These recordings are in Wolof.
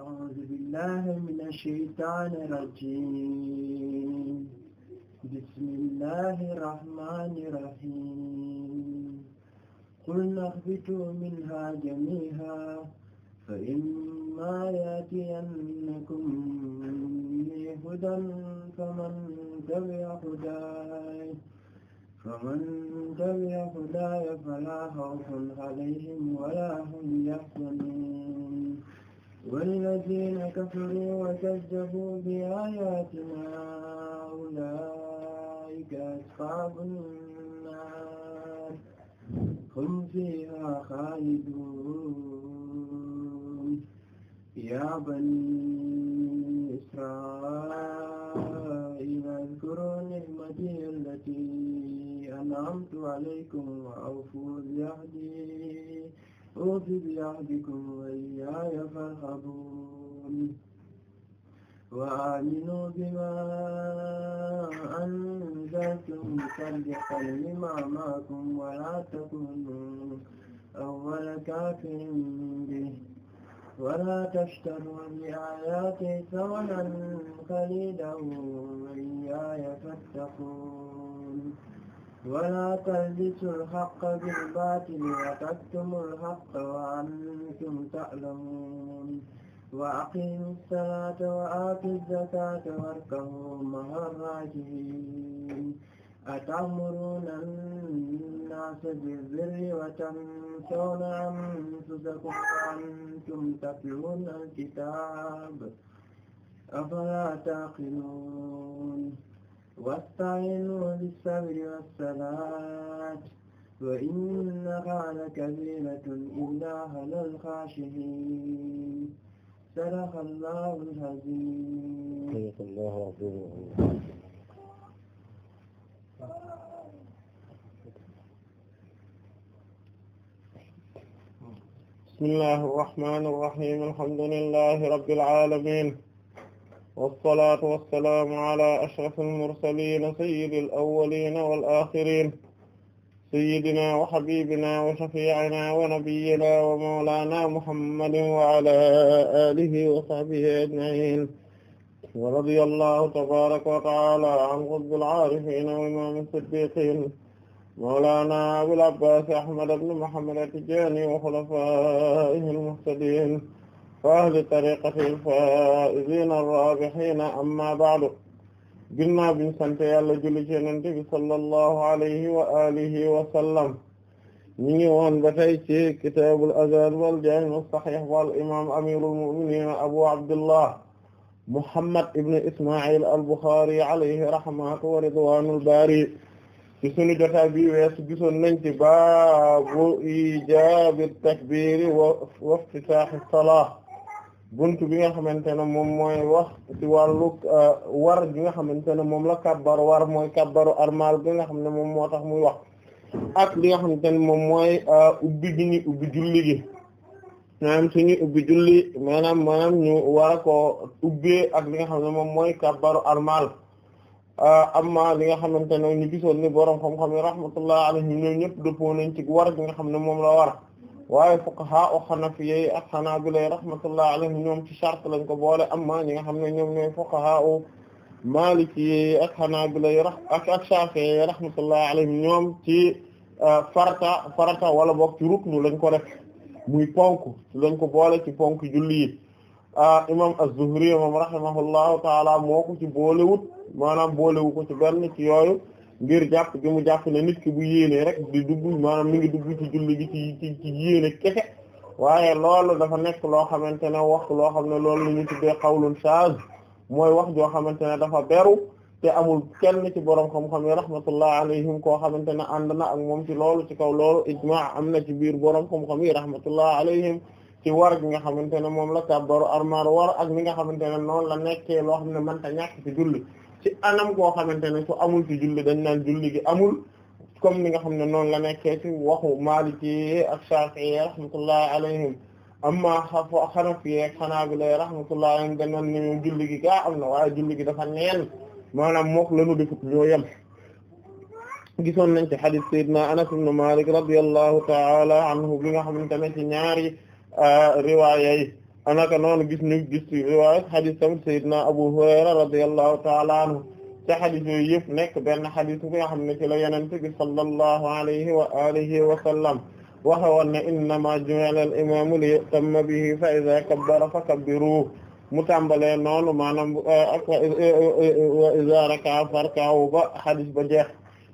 أعوذ بالله من الشيطان الرجيم بسم الله الرحمن الرحيم قلنا اهبطوا منها جميعا فإما يأتينكم مني هدى فمن تبع هداي فمن تبع هداي فلا خوف عليهم ولا هم يحزنون والذين كفروا وكذبوا بآياتنا أولئك أصحاب النار هم فيها خالدون يا بني إسرائيل اذكروا نعمتي التي أنعمت عليكم وأوفوا بعهدي أوفي بعهدكم وإياي فارهبون وآمنوا بما أنزلت مصدقا لما معكم ولا تكونوا أول كافر به ولا تشتروا بآياتي ثمنا قليلا وإياي فاتقون ولا تلبسوا الحق بالباطل وتكتموا الحق وأنتم تعلمون وأقيموا الصلاة وآتوا الزكاة واركعوا مع الراكعين أتأمرون الناس بالبر وتنسون أنفسكم وأنتم تتلون الكتاب أفلا تعقلون واستعينوا بالصبر والصلاة وإنها لكبيرة إلا على الخاشعين صدق الله العظيم صدق الله العظيم بسم الله الرحمن الرحيم الحمد لله رب العالمين wasalaatu wasalaam ala ashrafil mursaliin sayyidil awwaliina wal aaxiriin sayyidinaa wa habiibinaa wa shafii'inaa wa nabiyyinaa wa mawlaanaa muhammadin wa alaa aalihi wa sahbihi ajma'iin wa radiyallaahu tabaaraka wa ta'aalaa an qutbil aarifiin wa imaamil siddiiqiin mawlaanaa abil abbaas ahmad ibn muhammad at-tijaani wa xulafaa'ihil muhtadiin ahli tariqati al-faa'iziina ar-raabihiina amma ba'du ginnaaw biñ sant yàlla julli ci Yonent bi sallallahu alayhi wa alihi wa sallam ñu ngi woon ba tey ci kitaabul azaan wal jaami' as-sahiih wal imaam amiirul mu'miniin abu abdullah muhammad ibn isma'il al-Bukhari alayhi rahmatu wa ridwaanul baari ci sunu jotaay bi weesu gisoon nañ ci baabu ijaabi at-takbiir wa iftitaahi as-salaah bunt bi nga xamante ne moom mooy wax ci wàllu euh, war bi nga xamante ne moom la kabbar war mooy kabbaru armal bi nga xam ne moom moo tax muy wax ak li nga xamante ne moom mooy euh, ubbi gi ñu ubbi julli gi maanaam suñuy ubbi julli maanaam maanaam ñu war a ak li nga xam ne moom mooy kabbaru armal euh, amma li nga xamante ne ñu gisoon ni borom xam-xam yi alayhim ñoom ñëpp dëppoo nañ ci war bi nga xam ne moom la war waaye fuqaha o xanafiyey ak xanaabilay rahmatullah alayhim ñoom ci shart lañ ko boole amma ñi nga xam ne ñoom ñooy fuqaha o maalikiyey ak xanaabilay ak ak shafiyey rahmatullah alayhim ñoom ci euh, farata farata wala book ci ruknu lañ ko def muy ponk lañ ko boole ci ponk julli yi ah, imam az-Zuhri moom rahimahullahu taala moo ko ci boolewut maanaam boolewu ko ci benn ci yooyu ngir jàpp gi mu jàpp ne nikk ki bu yéenee rek di dugg maanaam mi ngi dugg ci julli gi ci ci ci yéene waaye loolu dafa nekk loo xamante ne wax loo xam ne loolu la ñu tuddee xawlun mooy wax joo xamante ne dafa beru te amul kenn ci borom xam-xam yi rahmatullah alayhim koo xamante ne ànd na ak moom ci loolu ci kaw loolu ijmaa am na ci biir borom xam-xam yi rahmatullah alayhim ci war gi nga xamante ne moom la kàbbaru armaar war ak mi nga xamante ne noonu la nekkee loo xam ne ta ñàkk ci julli ci anam goo xamante ne su amul ci julli dañ naan julli gi amul comme ni nga xam ne noon la nekkee ci waxu Maliki ak Shafi'i rahmatullahi alayhim amma Hanafi ak Hanabila rahmatullahi alayhim dañ ne ñoom julli gi gaa am na waaye julli gi dafa neen maanaam mook lanu defut ñoo yem gisoon nañ ci hadith Seydina Anas ibn Malik radiyallahu ta'ala anhu bi nga xam ne ci ñaari euh, riwaaya anaka noonu gis ñu gis ci riwaaya xadis tamit sayyidina Abu Hurayra radiyallahu ta'ala anhu te xadis yooyu yëpp nekk benn xadis bu nga xam ne ci la Yonent bi sallallahu alayhi wa alihi wa sallam waxe woon ne innama ju'ila al-imaamu li-yu'tamma bihi fa idha kabbara fakabbiru mu tàmbalee noonu maanaam ak wa idha raka'a farka'u ba xadis ba jeex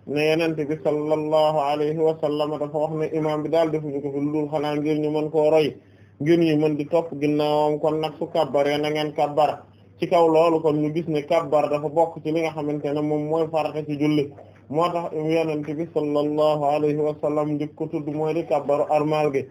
ne Yonent bi sallallahu alayhi wa sallam dafa wax ne imaam bi daal defuñu ko fi lu xanaa ngir ñu mën koo roy ngir ñu mën di topp ginnaawam kon nag su kabbaree na ngeen kabbar ci kaw loolu kon ñu gis ne kabbar dafa bokk ci li nga xamante ne moom mooy farata ci julli moo tax yonent bi sallallahu alayhi wa sallam njëkk ko tudd mooy di kabbaru armal gi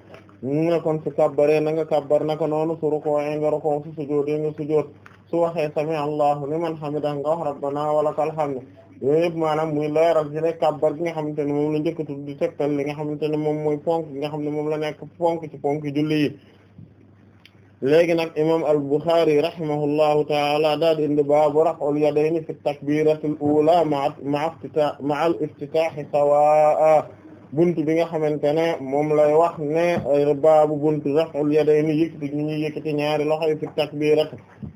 ñu ne kon su kabbaree na nga kabbar naka noonu su rukkoo nga rukkoo su sujoodee nga sujood su waxee sami allahu liman hamidah nga wax rabbana wa lakal hamd yooyu yëpp maanaam muy leeral ci ne kàbbar gi nga xamante ne moom la njëkk a tudd di tegtal li nga xamante ne moom mooy ponk gi nga xam ne moom la nekk ponk ci ponk julli yi léegi nag imam al-Bukhari rahimahullahu taala daal di indi baabu raf'ul yadayni fi takbiratil ula ma'a ma'a al-iftitah sawaa bunt bi nga xamante ne moom lay wax ne baabu buntu raf'ul yadayni yëkkati ñu ñuy yëkkati ñaari loxo yi fi takbirat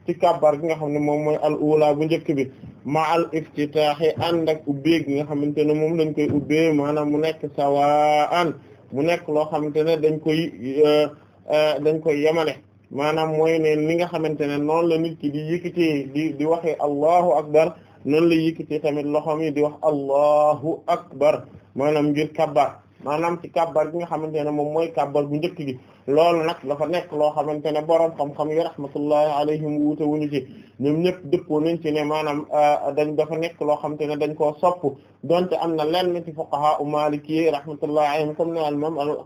ci kàbbar gi nga xam ne moom mooy al ula bu njëkk bi ma al iftitaahi ànd ak ubbee gi nga xamante ne moom lañ koy ubbee maanaam mu nekk sawaan mu nekk loo xamante ne dañ koy euh, euh, dañ koy yemale maanaam mooy ne ni nga xamante ne noonu la nit ki di yëkkatee di di waxee allahu akbar noonu la yëkkati tamit loxoom yi di wax allahu akbar maanaam ngir kabbar maanaam ci kabbar bi nga xamante ne moom mooy kabbar bu njëkk gi loolu nag dafa nekk loo xamante ne borom xam-xam yi rahmatullahi alayhim wuute wuñu ci ñoom ñëpp dëppoo nañ ci ne maanaam euh, dañ dafa nekk loo xamante ne dañ koo sopp donte am na lenn ci fuqaha u maliki rahmatullahi alayhim comme ne al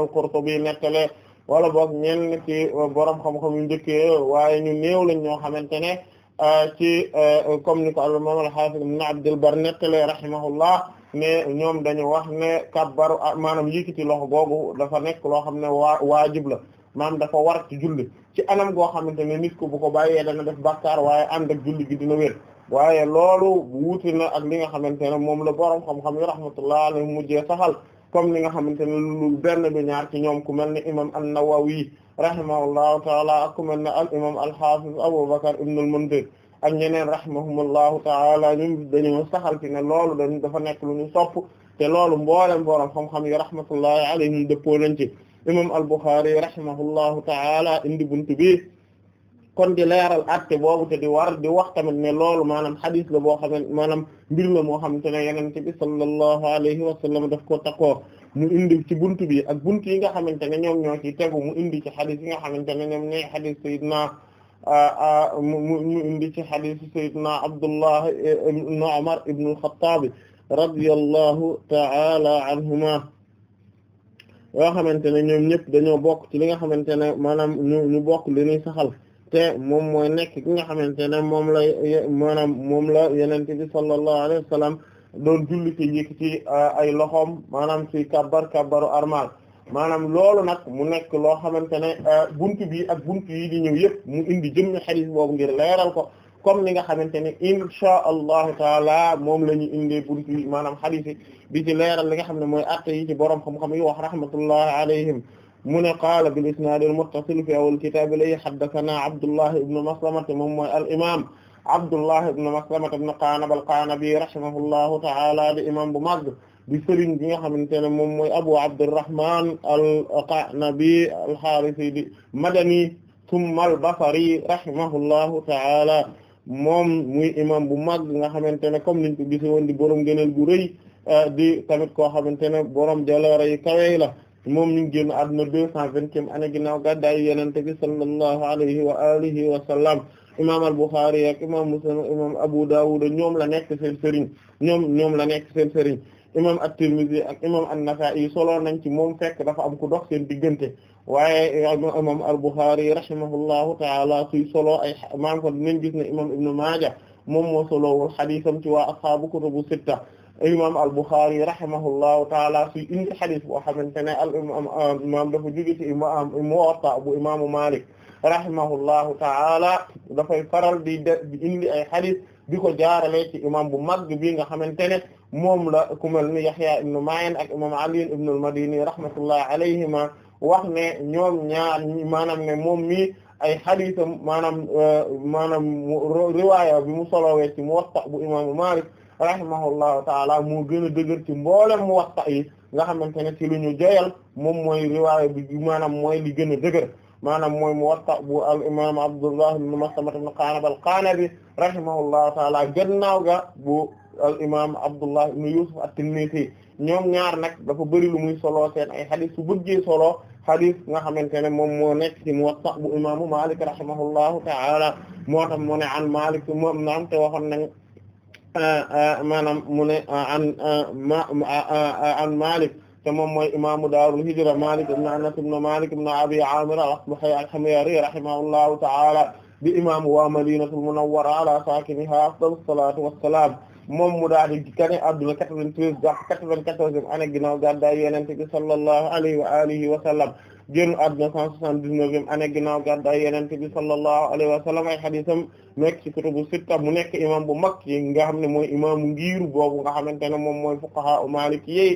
al-Qurtubi nettale wala boog ñenn ci borom xam-xam yu njëkkee waaye ñu néew lañ ñoo xamante ne Euh, ci euh, comme ni ko al imam al hafiz ibn Abd al-Barr nettale rahimahullah ne ñoom dañu wax ne kabbaru maanaam yëkkati loxo googu dafa nekk loo xam ne waa waajib la maanaam dafa war ci julli ci anam goo xamante ne nit ko bu ko bàyyee dana def bàkkaar waaye ànd ak julli gi dina waaye loolu wuuti na ak li nga xamante ne moom la borom xam-xam yi rahmatullah alayhi mujjee saxal comme li nga xamante ne lu benn bi ñaar ci ñoom ku mel ne imam an-Nawawi rahimahullahu taala ak ku mel ne al imam al-hafiz Abu Bakr ibn al-Mundhir ak ñeneen rahimahumullahu taala ñun dañoo saxal ci ne loolu dañ dafa nekk lu ñu te loolu mboolem borom xam-xam yi rahmatullahi alayhim dëppoo nañ ci imam al-Bukhari rahimahullahu taala indi buntu bi kon di leeral atte boobu te di war di wax tamit ne loolu maanaam xadis la boo xamante maanaam mbir la moo xamante ne yenente bi sallallahu alayhi wa def daf ko takkoo mu indi ci bunt bi ak buntu yi nga xamante ne ñoom ñoo ci tegu mu indi ci xadis yi nga xamante ne ñoom ñooy xadis sayyidina mu mu indi ci xadis sayyidina Abdullah ibn Umar ibn al-Khattab radiyallahu ta'ala anhuma yoo xamante ne ñoom ñëpp dañoo bokk li nga xamante ne maanaam ñu bokk li saxal te moom mooy nekk ki nga xamante ne moom la maanaam moom la yenente bi sallallahu alayhi wa doon julli ci uh, ay loxoom maanaam ci kabbar kabbaru armal maanaam loolu nag mu nekk loo xamante ne uh, buntu bi ak buntu yi di ñu yëpp mu indi jëmmi xadiis boobu ngir leeral ko comme ni nga xamante ne inshaa allahu taala moom la ñu indee buntu yi maanaam xadiis yi di ci li nga xam ne mooy atte yi ci boroom xam-xam yi wax rahmatullahi alayhim mu ne bi qaala bil isnaadil muttasil fi awal kitaab lay haddathana abdullah ibnu maslamata moom mooy al imam Abdullah ibn Maslama ibn Qa'nab al-Qa'nabi rahimahullahu ta'ala di imam bu mag di sëriñ bi nga xamante ne moom mooy Abu Abdurrahman al-Qa'nabi al-Harisi di madani thumma al-Basri rahimahullahu ta'ala moom muy imam bu mag nga xamante ne comme niñ ko gise woon di borom gëneel gu rëy eh, di tamit koo xamante ne borom jaloore yi kawe la moom ñu ngi génn àdduna deux cent vingtième année ginnaaw gàddaay Yonent bi sallallahu alayhi wa alihi wa sallam imam al-Bukhari ak imam Muslim imam Abu Dawud ñoom la nekk seen sëriñ ñoom ñoom la nekk seen sëriñ imam at-Tirmidhi ak imam an yi solo nañ ci moom fekk dafa am ku dox seen diggante waaye imam al-Bukhari rahimahullahu ta'ala suy solo ay maam ko dinañ gis ne imam Ibn Maaja moom moo solowul xadisam ci waa ashaabu kutubu sitta imam al-Bukhari rahimahullahu ta'ala suy indi xadis boo xamante ne al imam dafa jóge ci imam Muwatta bu imaamu Malik rahimahullahu ta'ala dafay faral di de di indi ay hadith di ko jaarale ci imam bu mag bi nga xamante moom la ku mel ni Yahya ibn Ma'in ak imam Ali ibn al-Madini rahmatullahi alayhima wax ne ñoom ñaar maanaam moom mi ay haditham maanaam euh, maanaam riwaaya bi mu solowee ci Muwatta bu imaamu Malik rahimahullahu taala moo gën a dëgër ci mu Muwatta yi nga xamante ne ci lu ñu joyal moom mooy riwaaya bi maanaam mooy li gën a dëgër maanaam mooy Muwatta bu al imam Abdullah ibn Maslamah ibn Qa'nab al-Qa'nabi rahimahullahu ta'ala gannaaw ga bu al Abdullah ibn Yusuf at-Tinnisi ñoom ñaar nag dafa bëri lu muy solo seen ay xadis su solo xadis nga xamante ne moom moo nekk ci Muwatta bu imaamu Malik rahimahullahu ta'ala moo tax mu ne an Malik moom an Malik te moom mooy imaamu daarul hijra Malik ibn Anas ibn Malik ibn Abi Amir al-Asbahi al-Himyari rahimahullahu ta'ala di imaamu waa Madinatul Munawwara ala saakiniha afdalu salaatu wassalaam moom mu daal di gane adduna 93 jàpp 94e année ginnaaw gàddaay Yonent bi sallallahu alayhi wa alihi wa sallam génn adduna 179e année ginnaaw gàddaay Yonent bi sallallahu alayhi wa sallam ay hadiisam nekk ci kutubu sitta mu nekk imam bu mag yi nga xam ne mooy imaamu ngiiru boobu nga xamante ne moom mooy fuqahaa Maaliki yi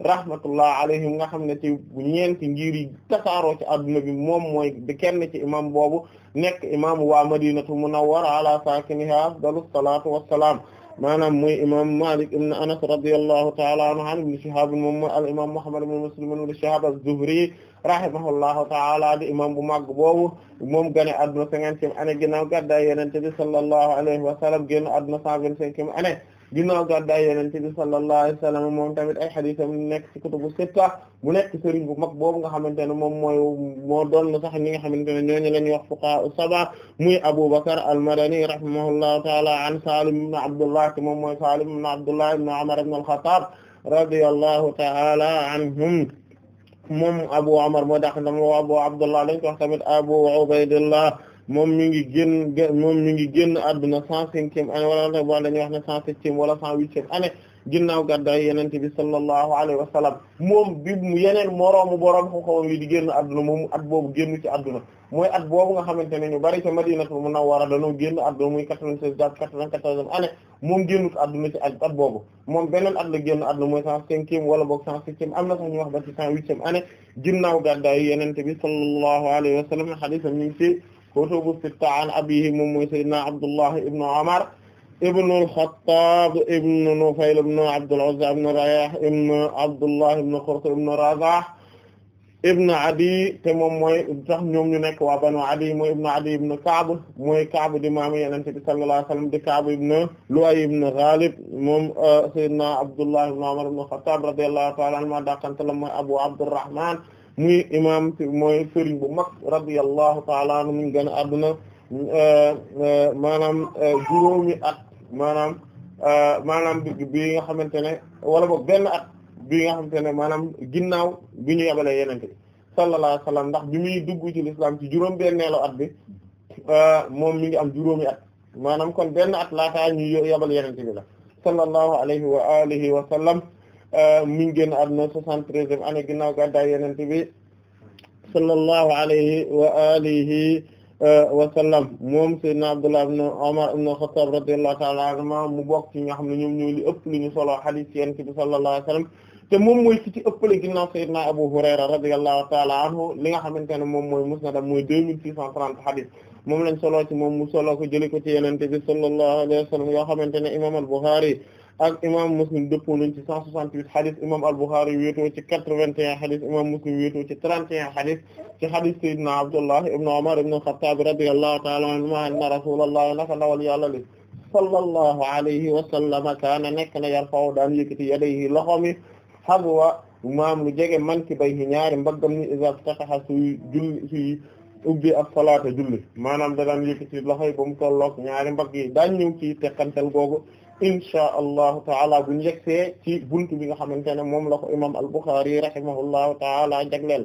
rahmatullah alayhim nga xam ne ci ñeenti ngir yi tasaaroo ci adduna bi moom mooy di kenn ci imam boobu nekk imam waa madinatu munawwara ala saakiniha afdalu salaatu wassalaam maanaam muy imam Malik ibn Anas radiyallahu ta'ala anhu an ibn Shihab moom mooy al imam Muhammad ibn Muslim ibn Shihab az-Zuhri rahimahullahu ta'ala di imam bu màgg boobu moom gane adduna cinquantième année ginnaaw gàddaay Yonent bi sallallahu alayhi wa sallam génn adduna cent vingt-cinquième année ginnaaw gàddaay yonent bi sallallahu alayhi wa sallam moom tamit ay xadiisam nekk ci kutubu sitta bu nekk sëriñ bu mag boobu nga xamante ne moom mooy moo doon sax ñi nga xamante ne ñooñu la ñuy wax fuqahaa saba muy Abu Bakr al-Madani rahimahullahu ta'ala an Salim ibn Abdullah te moom mooy Salim ibn Abdullah ibn Umar ibn al-Khattab radiyallahu ta'ala anhum moom Abu Umar moo dàq ndam Abu Abdullah lañ ko wax tamit Abu Ubaydillah moom mi ngi génn moom mi ngi génn adduna cent cinquième année wala wala dañuy wax ne cent septième wala cent huitième année ginnaaw gàddaay yenente bi moom bi yeneen moroomu boroom xam-xamam yi di génn adduna moom at ci adduna mooy at boobu nga xamante ne ñu bari ca Madinatul Munawwara dañoo génn adduna muy quatre vingt boobu moom beneen at la génn adduna mooy cent cinquième wala boog cent septième am na sax ñu wax ba ci cent huitième année ginnaaw gàddaay yenente bi sallallahu alayhi wa sallam xadiisam ñu ci kutubu sitta an abihi moom mooy sayyidina Abdullah ibn Umar ibn al-Khattab ibn Nufayl ibn Abdul Uzza ibn Rayah ibn Abdullah ibn Qurt ibn Razah ibn Adi te moom mooy tax ñoom ñu nekk waa Banu Adi mooy ibn Adi ibn Ka'b mooy Ka'b di maamu Yonent bi sallallahu alayhi wa sallam di Ka'b ibn Lu'ay ibn Ghalib moom euh, sayyidina Abdullah ibn Umar ibn al-Khattab radiyallahu ta'ala anhu ma dàqante la mooy Abu Abdurrahman muy imam mooy sëriñ bu mag radiyallahu ta'ala anhu mi gën a adduna maanaam euh, juróomi at maanaam euh, maanaam bi nga xamante ne wala boog benn at bi nga xamante ne maanaam ginnaaw bi ñu yabalee yenente bi sallallahu alayhi wasallam ndax bi muy dugg ci l'islam ci juróom benneelu at bi euh, moom mi ngi am juróomi at maanaam kon benn at laataa ñu yabal yenente bi la sallallahu alayhi wa alihi wa sallam Euh, mi ngi génn àdduna 73e année ginnaaw gàddaay Yonent bi sallallahu alayhi wa alihi euh, wa sallam moom Seydina Abdullah ibn Umar ibn Khattab radiyallahu ta'ala anhuma mu bokk ci nga xam ne ñoom ñoo li ëpp li ñu solo hadith ci Yonent bi sallallahu alayhi wa sallam te moom mooy ki ci ëppale ginnaaw Seydina Abu Hurayra radiyallahu ta'ala anhu li nga xamante ne moom mooy musnad mooy 2630 hadith moom lañ solo moom mu solo ko jëli ko ci Yonent bi sallallahu alayhi wa sallam yoo xamante ne imam al-Bukhari ak imam muslim dëppoo nañ ci cent soixante-huit xadis imam al-Bukhari wéetoo ci quatre-vingt-un xadis imam muslim wéetoo ci trente et un xadis ci xadis sayyidina Abdullah ibn Umar ibn al-Khattab radiyallahu ta'ala anhuma anna rasulullah naka ndawal yàlla li sallallahu alayhi wa sallama kaana nekk na yarfa'u daan yëkkati yadayhi bay yi ñaari mbaggam ni iza fataha suy julli suy ubbi ak salaata julli maanaam da daan yëkkati loxoy ba mu tolloog ñaari mbagg yi daan ñëw ci tekkantal googu insha allahu taala buñ yegsee ci buntu bi nga xamante ne moom la ko imam al-Bukhari rahimahullahu taala jagleel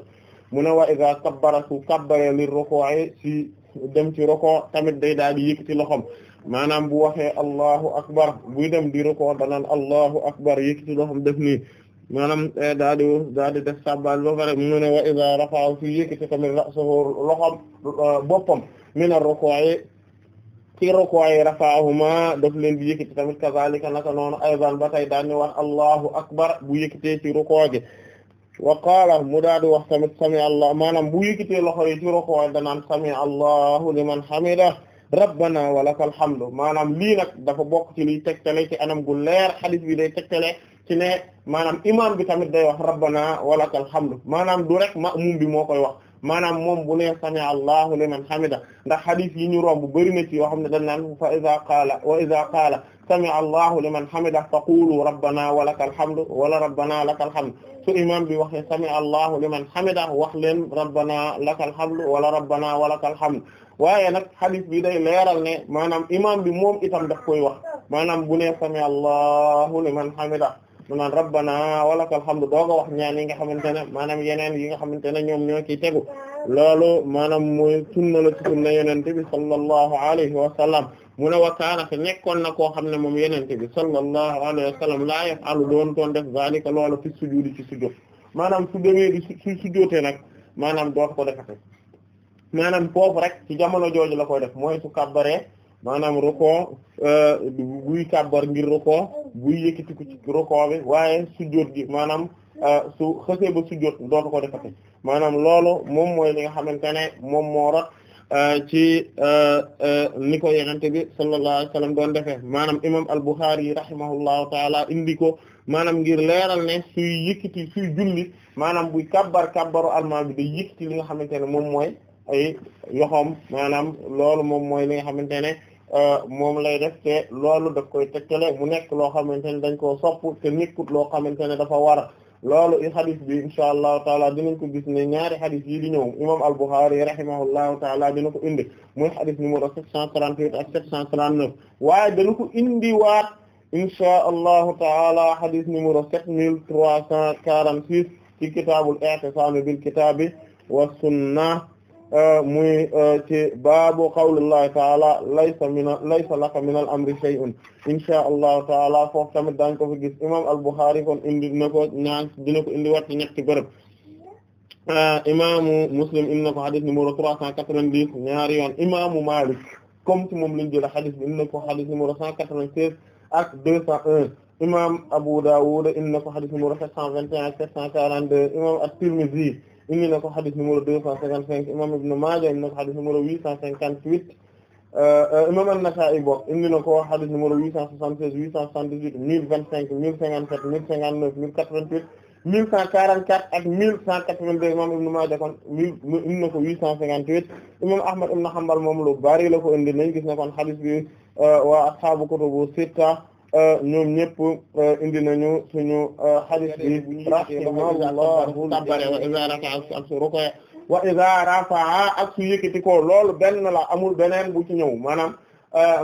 mu ne wa iza kabbara su kabbare li ruku'i ci dem ci ruku' tamit day daal di yëkkati loxom maanaam bu waxee allahu akbar buy dem di ruku' danaan allahu akbar yëkkati loxom def nii maanaam eh, daal di daal di def sabbal ba pare mu ne wa iza rafa'a eh, boppam min ar-ruku'i ci rokwaay rafahuma leen di yëkkati tamit kazalika naka noonu aydan ba tay daanni wax allahu akbar bu yëkkatee ci rokoo gi wa qaala mu daadi wax tamit sami allah maanaam bu yëkkatee loxo yi ci rokoo danaan sami allahu liman hamida rabbana wa lakal hamdu maanaam lii nag dafa bokk ci liy tegtale ci anam gu leer hadith bi day tegtale ci ne maanaam imam bi tamit day wax rabbana wa lakal hamdu maanaam du rek ma bi moo koy wax maanaam moom bu nee sami allahu liman hamida ndax hadith yi ñu romb bari na ci yoo xam ne dañ naan fa iza qaala wa iza qaala sami allahu liman hamida faqulu rabbana wa lakal hamdu wala rabbana lakal hamdu su imam bi waxee sami allahu liman hamida wax leen rabbana lakal hamdu wala rabbana wa lakal hamdu waaye nag hadith bi day leeral ne maanaam imam bi moom itam daf koy wax maanaam bu nee sami allahu liman hamida mu naan rabbana walakal hamdu dooga wax ñaan yi nga xamante ne maanaam yeneen yi nga xamante ne ñoom ñoo ciy tegu loolu maanaam mooy sunna la ci sunna yenente bi sallallahu alayhi wa sallam mu ne wa kaana nekkoon na koo xam ne moom yenente bi sallallahu alayhi wa sallam laa yaf alu doon toon def zalika loolu fi sujudi ci sujud maanaam su demee di su sujjóotee nag maanaam doot ko defate maanaam foofu rek ci jamono jooju la koy def mooy su kàbbaree maanaam roko euh, buy kàbbar ngir roko buy yëkkatiku ci roko bi waaye sujjóot gi maanaam euh, su xësee ba sujjóot dootu ko defati maanaam loolu moom mooy li nga xamante ne moom moo rot euh, ci ni ko yenente bi sallallahu alayhi wasallam doon defee maanaam imam al-Bukhari yi rahimahullahu taala indi ko maanaam ngir leeral ne suy yëkkati suy julli maanaam buy kabbar kabbaru almaa bi day yëkkati li nga xamante ne moom mooy ay yoxoom maanaam loolu moom mooy li nga xamante ne Euh, moom lay def loolu daf koy tegtale mu nekk loo xamante ne dañ koo sopp te nekkut loo xamante ne dafa war loolu i xadis bi insha allahu taala dinañ ko gis ne ñaari xadis yi di ñëw imam al-Bukhari rahimahullahu taala dina ko indi muy xadis numéro 738 ak 739 waaye dana ko indi waat insha allahu taala xadis numéro 7346 ci kitaabul i'tisaam bil kitaabi wa sunna Euh, muy euh, ci baabu qawlillahi taala laysa mina laysa laka minal amri shay'un insha allahu taala foofu tamit daañ ko fi gis imam al-Bukhari kon indi na ko ñaan dina ko indi wat ci ñetti bërëb euh, Muslim indi na ko xadis numéro trois cent quatre-vingt-dix ñaari yoon imaamu Malik comme ci moom lañ jël xadis bi indi na ko xadis numéro cent quatre-vingt-seize imam Abu Dawud indi na ko xadis numéro sept cent vingt et un ak sept cent quarante-deux imam at-Tirmidhi indi na ko xadis numéro deux cent cinquante cinq imam Ibn Maaja indi na ko xadis numéro huit cent cinquante euh, seize huit cent soixante dix huit mille vingt cinq mille cinquante cinquante neuf mille quatre vingt huit mille cent quarante quatre imam Ibn Maaja kon imam Ahmad ibn Hanbal moom la ko indi nañ gis na kon xadis bi euh, waa ashaabu kutubu sitta Euh, ñoom ñëpp euh, indi nañu suñu euh, hadith bi rahimahullahu ta'ala wa idha rafa'a ak su yëkkati ko loolu benn la amul beneen bu ci ñëw maanaam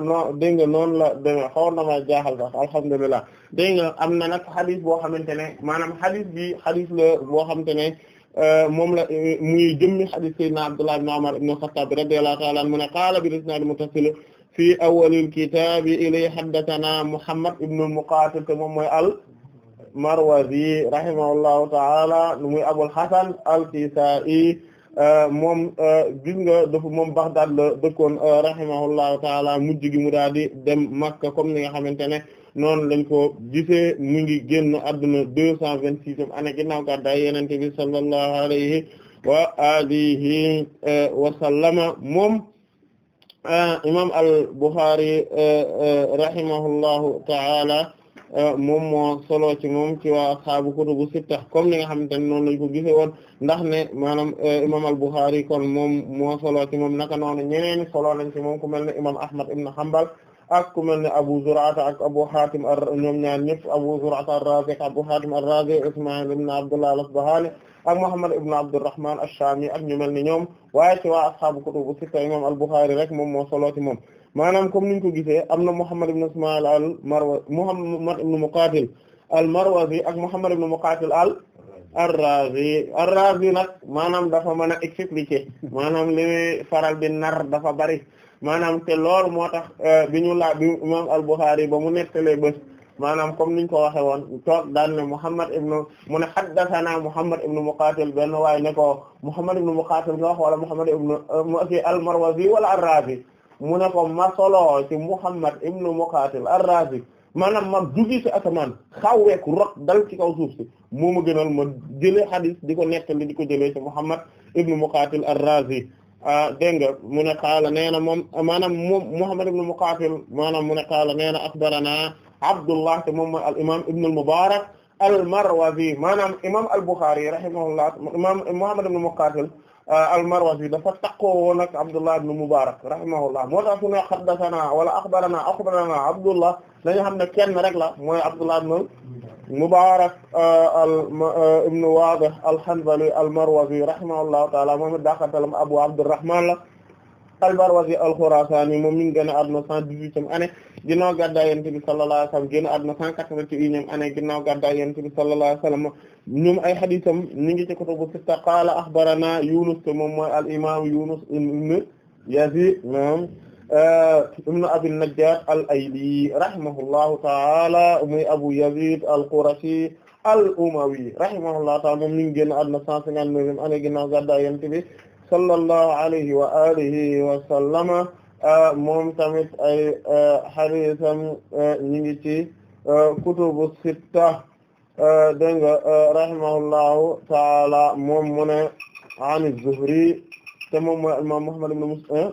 non dégg nga noonu la demee xawoon na ma jaaxal sax alhamdulilah dégg nga am na nag xadis boo xamante ne maanaam xadis bi xadis la boo xamante ne moom la muy jëmmi xadis sayyidina Abdullah ibn Umar ibn Khattab radiyallahu ta'ala anhu mu ne qaala bi isnaad muttasil fi awwalil kitaabi ilay haddathana Muhammad ibn Muqaatil te moom mooy al Marwazi rahimahullahu ta'ala muy Abul Hasan al-Kisaa'i moom gis nga dafa moom Baghdad la dëkkoon rahimahullahu ta'ala mujj gi mu daal di dem Makka comme ni nga xamante ne noonu lañ ko gisee mu ngi génn àdduna deux cent vingt-sixième année ginnaaw gàddaay Yonent bi sallallahu alayhi wa alihi eh, wa sallama moom Ah, imam al-Bukhari eh, eh, rahimahullahu ta'ala eh, moom moo solo ci moom ci waa ashaabu kutubu sitta comme ni nga xamante ne noonu lañ ko gisee woon ndax ne maanaam imam al-Bukhari kon moom moo solo ci moom naka noonu ñeneen solo nañ ci moom ku mel ne imam Ahmad ibn Hanbal ak ku mel ne Abu Zur'ata ak Abu Hatim ar ñoom ñaar ñëpp Abu Zur'ata ar-Razi ak Abu Hatim ar-Razi Isma'il ibn Abdullah al-Asbahani ak Muhammad ibn Abdurrahman ash-Shami ak ñu mel ni ñoom waaye ci waa ashaabu kutubu sitta imam al-Bukhari rek moom moo solo ci moom maanaam comme niñ ko gisee am na Muhammad ibn Ismail al-Marwazi Muhammad ibn Muqatil al-Marwazi ak Muhammad ibn Muqatil al ar-Razi ar-Razi nag maanaam dafa mën a expliquer maanaam li faral bi nar dafa bari maanaam te lool moo tax euh, bi ñu laa bi imam al-Bukhari ba mu nettalee bés maanaam comme niñ ko waxe woon toog daan ne Muhammad ibn mu ne haddathana Muhammad ibn Muqatil ben waay ne ko Muhammad ibn Muqatil nga wax wala Muhammad ibn euh, si al-Marwazi wala ar-Razi mu ne ko ma solo ci Muhammad ibn Muqatil ar maanaam man jugi ci asamaan xawweeku rok dal ci kaw suuf si mu ma gënal ma jëlee hadis di ko nettali di ko jëlee ci Muhammad ibn Muqatil ar-Razi ah, dégg mu ne qaala nee na moom maanaam moom Muhammad ibn Muqatil maanaam mu ne qaala nee akhbarana Abdullah te moom mooy al imaam Ibn al-Mubarak al-Marwazi maanaam imaam al-Bukhari rahimahullah imaam Muhammad ibn Muqatil euh, al-Marwazi dafa taqoo woon ak Abdullah ibn Mubarak rahimahullah moo tax su ne haddathana wala akhbarana akhbarana Abdullah dañu xam ne kenn rek la mooy Abdullah ibn Mubarak euh, euh, ibn Wadih al-Hanzali al-Marwazi rahimahullahu ta'ala moom it daaxantalam Abu Abdurrahman la al-Barwazi al-Khurasani moom mi ngi génn àdduna 118e année ginnaaw gàddaay Yonent bi sallallahu alayhi wa sallam génn àdduna 181e année ginnaaw gàddaay Yonent bi sallallahu alayhi wa sallam ñoom ay hadiisam ñu ngi ci kutubu sitta qaala axbarana Yunus te moom mooy al-imaam Yunus ibn Yazid moom euh, ibn Abi Najjar al-Ayli rahimahullahu ta'ala muy Abu Yazid al-Qurashi al-Umawi rahimahullahu ta'ala moom mi ngi génn àdduna 159e année ginnaaw gàddaay Yonent bi sallallahu alayhi wa alihi wa sallama moom tamit ay hadiisam ñi ngi ci kutubu sitta dégg nga rahimahullahu taala moom mu ne an az-Zuhri te moom mooy imaam Muhammad ibn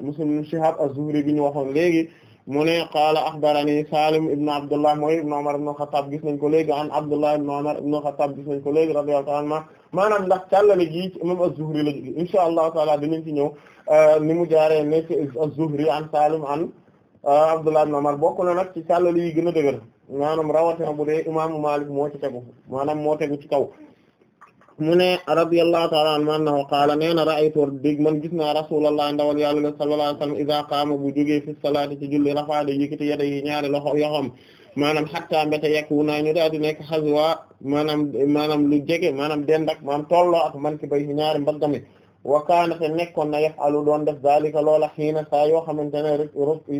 Muslim ibn Shihab az-Zuhri bi ñu waxoon léegi mu ne qaala akhbarani Salim ibn Abdullah mooy ibn Umar ibn Khattab gis nañ ko léegi an Abdullah ibn Umar ibn Khattab gis nañ ko léegi radiyallahu anhu maanaam ndax càllale gi ci imam az-Zuhri la jóge insha allahu taala dinañ ci ñëw euh, ni mu jaaree nekk az-Zuhri an Salim an euh, Abdullah ibn Umar bokk na ci càllale yi gën a dëgër maanaam rawatina bu dee imaamu Maalik moo ci tegu maanaam moo tegu ci kaw mu ne radiyallahu ta'ala anhu annahu qaala nee na ra'aytu dégg man gis naa rasulullah ndawal yàlla sallallahu alayhi wa sallam iza qaama bu jógee fi salaati ci julli rafaada yëkkati yada yi ñaari loxo yoxam maanaam hatta mbéte yekk wu naa di nekk xaswa maanaam maanaam lu jege maanaam dend ak maanaam tolloo ak man ci bay ñaari mbaggami wa kaana te nekkoon na yafalu doon def zalika loola xiina saa yoo xamante ne rek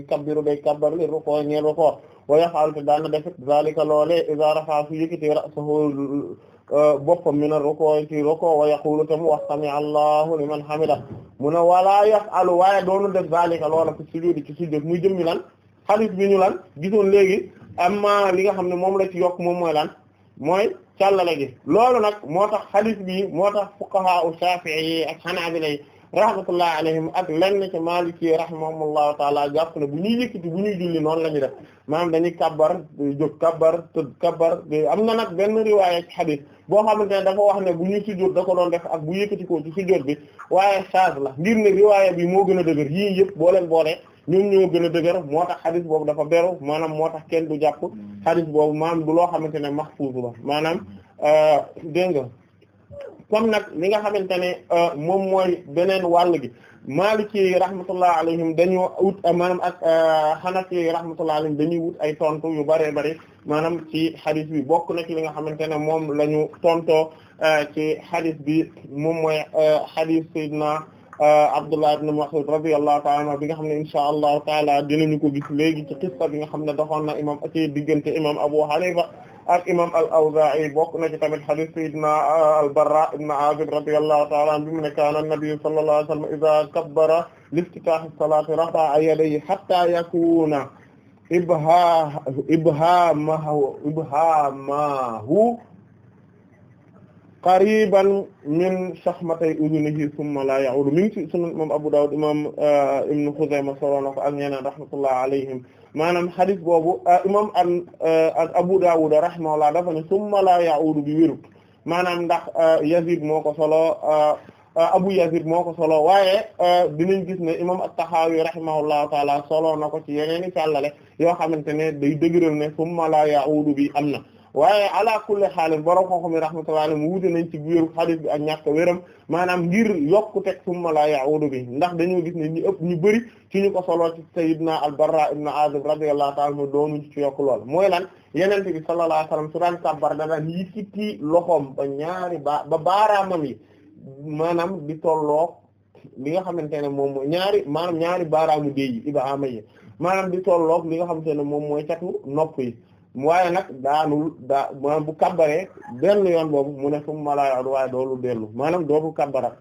kabbiru day kabbar li rukoo ñeel rukoo wa yafalu te daan na zalika loole iza rafa su yëkkati ra'sahu boppam mi na roko ci roko wa yaqulu tam wax sami allahu liman hamida mu ne wala yaf'alu waaye doonul def zalika loola ci sujudi ci sujud muy jëmmi lan xadis mi ñu lan gisoon léegi amma li nga xam ne moom la ci yokk moom mooy lan mooy càllale gi loolu nag moo tax xadis bi moo tax fuqaha u shafi'i yi ak hanabila yi rahmatullahi alayhim ak lenn ci maliki rahimahumullahu taala jàpp ne bu ñuy yëkkati bu ñuy julli noonu la ñuy def maanaam dañuy kabbar jóg kabbar tëdd kabbar am na nag benn riwaaya ci xadiis boo xamante ne dafa wax ne bu ñuy sujjóot da ko doon def ak bu yëkkati ko ci sujjóot bi waaye charge la ngir ne riwaaya bi moo gën a dëgër yii yëpp boo leen boolee ñoom ñoo gën a dëgër moo tax xadis boobu dafa beru maanaam moo tax kenn du jàpp xadis boobu maanaam du loo xamante ne mahfuuz la maanaam euh, dégg comme nag li nga xamante ne euh, moom mooy beneen wàll gi Maliki ci rahmatullah alayhim dañoo wut euh, maanaam ak euh, Hanafi yi rahmatullah alayhim dañuy ay tontu yu bëree bëri maanaam ci hadith bi bokk na ci li nga xamante ne moom lañu ñu ci hadith bi moom mooy hadith Seydina Abdullah ibn Mas'ud radiyallahu ta'ala bi nga xam ne inshaa Allahu taala dinañu ko gis léegi ci qissa bi nga xam ne doxoon na imam ci diggante imam Abu Hanifa ak imam al-Awzaa'i bokk na ci tamit hadith sayyidina al-Barra ibn Aazib radiyallahu ta'ala anhu bi mu ne kaana an-nabiyyu sallallahu alayhi wa sallam idhaa kabbara li-iftitaahi as-salaati rafa'a yadayhi hattaa yakuuna ibhaamahu ibhaamahu qariban min shahmatay udunihi thumma la ya'uudu min sunan imam Abu Dawud imam uh, Ibn Khuzaymah solo na ko ak ñeneen rahmatullahi alayhim maanaam xadis boobu ah, imam an eh, Abu Dawud rahimahullah dafa ne summa la ya'udu bi wérut maanaam ndax eh, Yazid moo ko solo eh, Abu Yazid moo ko solo waaye dinañ gis ne imam at-Tahawi rahimahullahu taala solo na ko ci yeneen i càllale yoo xamante ne day dëgëral ne summa la ya'udu bi am na waaye ala kulli xaalin borom xooxu mi rahmatullahi alayhi mu wuute nañ ci wéeru xadis bi ak ñàkk wéram maanaam ngir yokku teg summa la ya'udu ndax dañoo gis ne ñu ëpp ñu bëri ci ñu ko soloo ci sayyidina al-Barra ibn Azib radiyallahu ta'ala anhu doonu ci yokku lool mooy lan yenente bi sallallahu alayhi wasallam su daan kàbbar da daan yikiti loxoom ba ñaari ba ba baaraamam yi maanaam di tolloo li nga xamante ne moom mooy ñaari maanaam ñaari baaraamu déy yi ibaama maanaam di tolloog li nga xamante ne moom mooy catu nopp yi waaye nag daanu daa maanaam bu kabbaree benn yoon boobu mu ne summa laa ya'udu waaye doolu maanaam doobu kabbarat